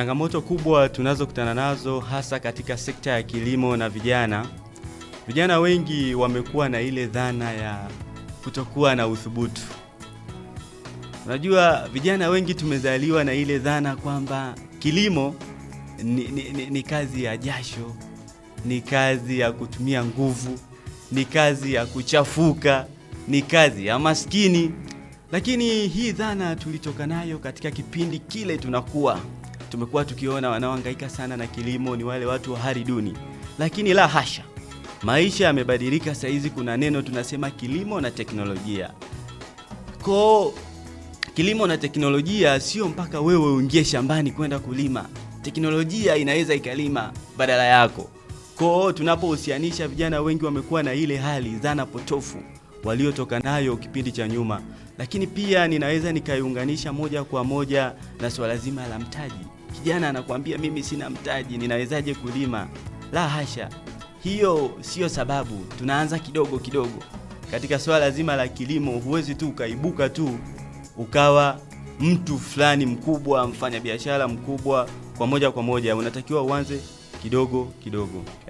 Changamoto kubwa tunazokutana nazo hasa katika sekta ya kilimo na vijana, vijana wengi wamekuwa na ile dhana ya kutokuwa na uthubutu. Unajua, vijana wengi tumezaliwa na ile dhana kwamba kilimo ni, ni, ni, ni kazi ya jasho, ni kazi ya kutumia nguvu, ni kazi ya kuchafuka, ni kazi ya maskini. Lakini hii dhana tulitoka nayo katika kipindi kile tunakuwa tumekuwa tukiona wanaohangaika sana na kilimo ni wale watu wa hali duni, lakini la hasha, maisha yamebadilika. Saa hizi kuna neno tunasema kilimo na teknolojia. Koo, kilimo na teknolojia sio mpaka wewe uingie shambani kwenda kulima, teknolojia inaweza ikalima badala yako. Koo, tunapohusianisha vijana wengi wamekuwa na ile hali dhana potofu waliotoka nayo kipindi cha nyuma, lakini pia ninaweza nikaiunganisha moja kwa moja na swala zima la mtaji. Kijana anakuambia mimi sina mtaji, ninawezaje kulima? La hasha, hiyo siyo sababu. Tunaanza kidogo kidogo katika swala zima la kilimo. Huwezi tu ukaibuka tu ukawa mtu fulani mkubwa, mfanyabiashara mkubwa kwa moja kwa moja, unatakiwa uanze kidogo kidogo.